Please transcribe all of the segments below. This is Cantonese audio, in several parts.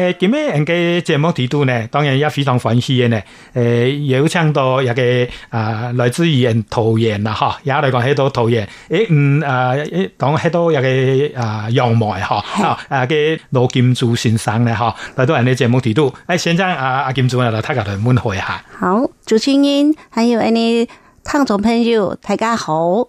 誒，今日人嘅節目睇到呢，當然也非常歡喜嘅呢。誒，有請到一個啊，來自於人桃園啦，哈、啊，也嚟講喺度桃園。誒、啊，嗯，啊，誒，講喺度一個啊楊梅，哈，啊嘅羅、啊 啊、金珠先生呢，哈，來到人嘅節目睇到。誒，先生，啊，阿金珠，我哋大家嚟問一下。好，主持人，還有阿你聽眾朋友，大家好。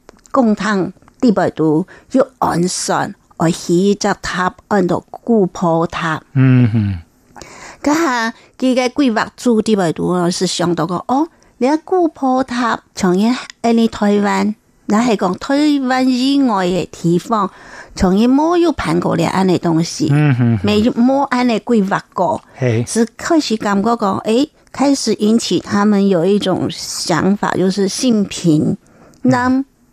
公堂地白度又安全，我起一座塔，安到姑婆塔。嗯哼，家下佢嘅規劃做地白度，我是想到個哦，連姑婆塔，從一安尼台灣，那後講台灣以外的地方，從一冇有盤過啲安尼東西，嗯哼，未冇安尼規劃過，是開始感覺講，誒、哎，開始引起他們有一種想法，就是性平，那、嗯。